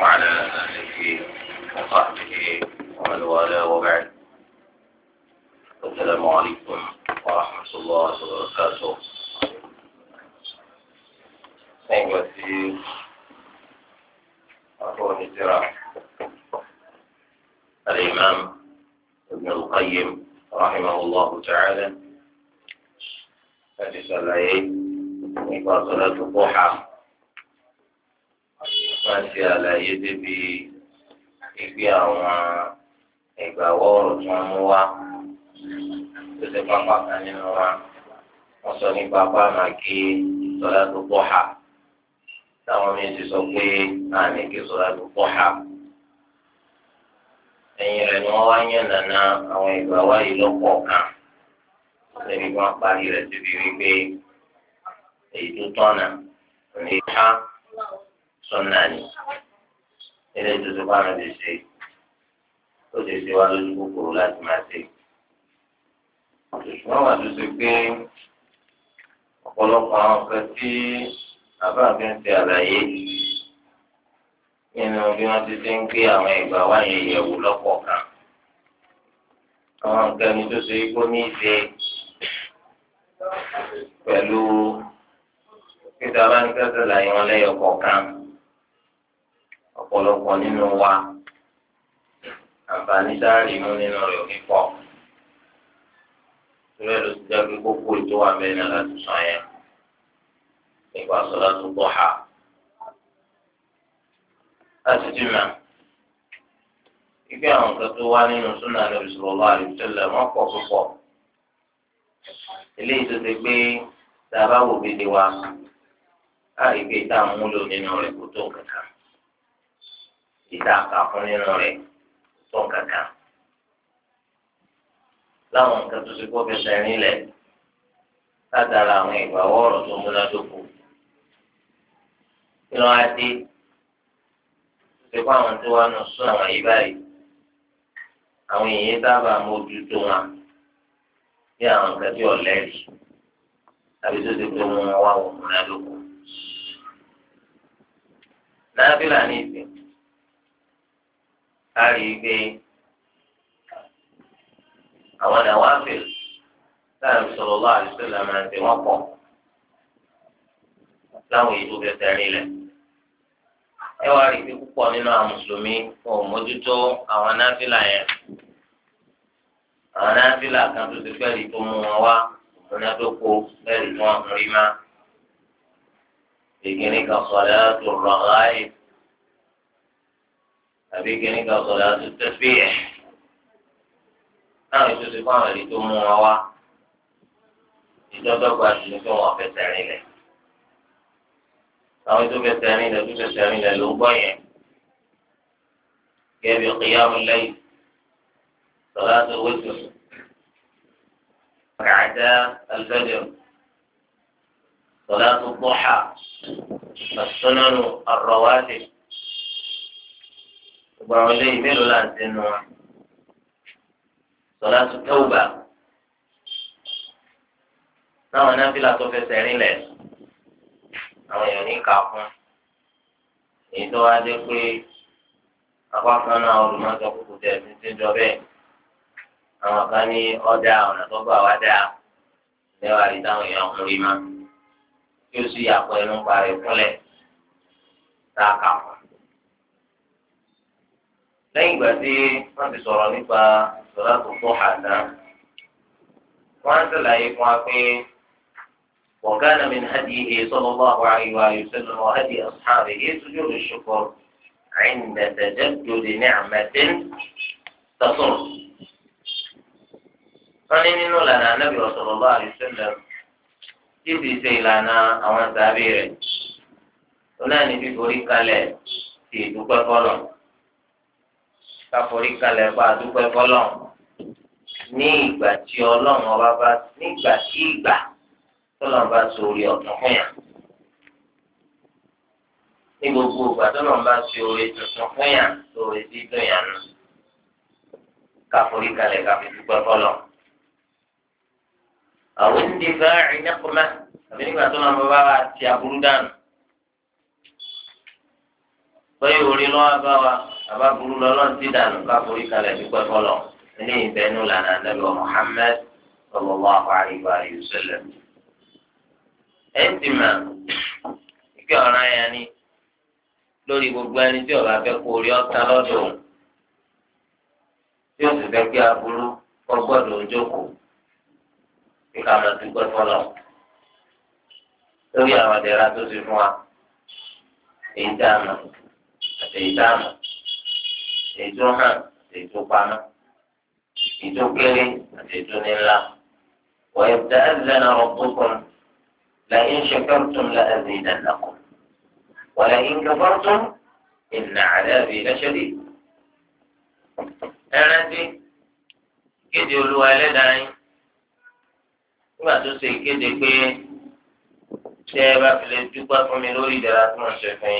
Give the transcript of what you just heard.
وعلى آله وصحبه ومن والاه وبعد السلام عليكم ورحمة الله وبركاته أيها السيد أخواني الزراعة الإمام ابن القيم رحمه الله تعالى هذه صلاة صلاة الضحى máa ṣe àlàyé débi gbígbé àwọn ìgbàwọ́ ọ̀rọ̀ tí wọ́n mú wá tó ṣe pápá kan nínú wa wọ́n sọ nípa bá máa kí sọ́lá tó pọ̀ ha táwọn míín ti sọ pé máa ní kí sọ́lá tó pọ̀ ha ẹ̀yìn rẹ̀ ni wọ́n wá yàn nàna àwọn ìgbàwá yìí lọ́pọ̀ kan lẹ́yìn wọn parí rẹ̀ síbi wípé èyí tó tọ̀nà ní ká sọ́nà ni eléyìí tó ti bá mi lè ṣe ó ti ṣe wá lójú kòkòrò láti máa ṣe. ṣùgbọ́n wà tó ṣe pé ọ̀pọ̀lọpọ̀ àwọn kan tí bàbá mi ń ṣe àlàyé nínú bí wọ́n ti ṣe ń gbé àwọn ìgbà wáyé yẹ̀wò lọ́kọ̀ọ̀kan. àwọn nǹkan ẹni tó ṣe kó ní í ṣe pẹ̀lú peter abanikẹ́sẹ̀ làyẹ̀wọ̀n lẹ́yọ̀ kọ̀ọ̀kan ọ̀pọ̀lọpọ̀ nínú wa àǹfààní sáárì mú nínú rẹ̀ òní pọ̀ ìrẹ́ ló ti jẹ́ pé kókó ètò wa mẹ́rin aláti sàn yẹn nípa sọ́lá tó bọ̀ ha láti dì mà ibi àwọn kan tó wá nínú súnà nàbì sọ̀rọ̀ lọ́wọ́ àlùfẹ́lẹ̀ wọ́n pọ̀ púpọ̀ eléyìí tó ti gbé tá a bá wò bí di wa láì gbé tá a múlò nínú rẹ̀ kó tó kankan ìta àkàfún nínú rẹ̀ tó kankan. láwọn nǹkan tó ti kó fẹsẹ̀ nílẹ̀ látara àwọn ìgbàwọ́ ọ̀rọ̀ tó múnádóko. kí ló wá dé ṣe kó àwọn tó wá nù sún àwọn yìí báyìí àwọn èèyàn sábà mójútó wọn bí àwọn nǹkan tí ọ̀lẹ́ rí tàbí tó ti pé wọn wá wọn múnádóko. náà bí làní ìsìn a rí i pé àwọn làwọn àfẹ́lẹ́ sáàmì sọ̀rọ̀ lọ́wọ́ àdìsọ́lá máa ń tẹ̀ wọ́n pọ̀ láwọn ètò bẹ̀tẹ̀ rinlẹ̀. ẹ wá rí i pé púpọ̀ nínú àwọn mùsùlùmí kò mójútó àwọn náfìlà yẹn. àwọn náfìlà kan tó ti fẹ́ẹ̀rí tó mú wọn wá múnádókò fẹ́ẹ̀rí tó wọn rí má. ìgbìnrin kan sọ̀rọ̀ tó rọ̀ láì àbí kìíní kan sọ̀rọ̀ àti tẹ̀sí ẹ̀ náà ìtòsí fún àwọn èdè tó mú wọn wá ìjọba gba àti ní kí wọn fẹsẹ̀ rìn lẹ̀ àwọn tó fẹsẹ̀ rìn lẹ̀ tó fẹsẹ̀ rìn lẹ̀ ló gbọ́ yẹn kẹ́bi kìyàmù lẹ́yìn sọ̀rọ̀ àti owó tó kàdá alfẹ́dẹ̀ sọ̀rọ̀ àti bọ́ḥà السنن الرواتب gbogbo àwọn eléyìí mélòó là ń sẹnu wọn sọlá tó tẹ́wùbà táwọn náfìlà tó fẹsẹ̀ rinlẹ̀ àwọn èèyàn ní kà fún èyí tó wá dé pé apá kan náà olùmọ̀tò kúkú tẹ̀ ní ti jọ bẹ́ẹ̀ àwọn kan ní ọ̀dà ọ̀nà tó gbà wá dáa lẹ́wàá rí táwọn èèyàn ń rí ma kí ó sì yàpọ̀ ẹnu parí kúnlẹ̀ tá a kà fún. lẹ́yìn ìgbà tí wọ́n ti sọ̀rọ̀ nípa sọ̀rọ̀ tó fọ́ ha ada wọ́n á sàlàyé fún wa pé وكان من هديه صلى الله عليه وآله وسلم وهدي أصحابه سجود الشكر عند ní àmẹ́tẹ́ تصر wọ́n ní nínú lànà anábì sallallahu alaihi wasallam tí ti ṣe ìlànà àwọn sàbí rẹ̀ lọ́nà ní fíforí kalẹ̀ ti ìdúpẹ́ ni fifori kale ti idupe kolo káforí kalẹ̀ bá dúpẹ́ fọlọ́n ní ìgbà tí ọlọ́run ọba bá nígbà tí ìgbà tọ́lọ́run bá sórí ọ̀tún fún yàn ní gbogbo ìgbà tọ́lọ́run bá sórí tuntun fún yàn sórí dídùn yàn nù káforí kalẹ̀ káfi dúpẹ́ fọlọ́n. àwọn ìdí fẹ́ràn ìnákùnmá àbí nígbà tọ́lọ́run bá bá ti aburú dànù bẹ́ẹ̀ orí lọ́wọ́ bá wa bàbá burú lọ́lọ́ ti dànù ká forí kalẹ̀ dúpẹ́ fọlọ́ ilé ìbẹ́nu lànà nàbẹ́ Muhammad sallallahu alaihi wa sallam. ẹ ti mà kí ọ̀ràn yẹn ni lórí gbogbo ẹni tí ọba fẹ́ kó orí ọ̀tá lọ́dọ̀ òun tí ó sì fẹ́ kí aburú ọgbọ́dọ̀ ojókòó kí ká máa dúpẹ́ fọlọ́ lórí àwọn àdẹ̀rà tó ti fún wa èyí tá a mọ̀. èyí tó a èyí tó hàn àti èyí tó pamọ́ èyí tó kéré àti èyí tó ní ńlá. ويتأذن ربكم لئن شكرتم لأزيدنكم ولئن كفرتم إن عذابي لشديد ti kéde olúwa ẹlẹ́dàá yín nígbà tó ṣe kéde pé ṣé ẹ bá fi lè dúpẹ́ fún mi lórí ìdára tó mo ṣe fún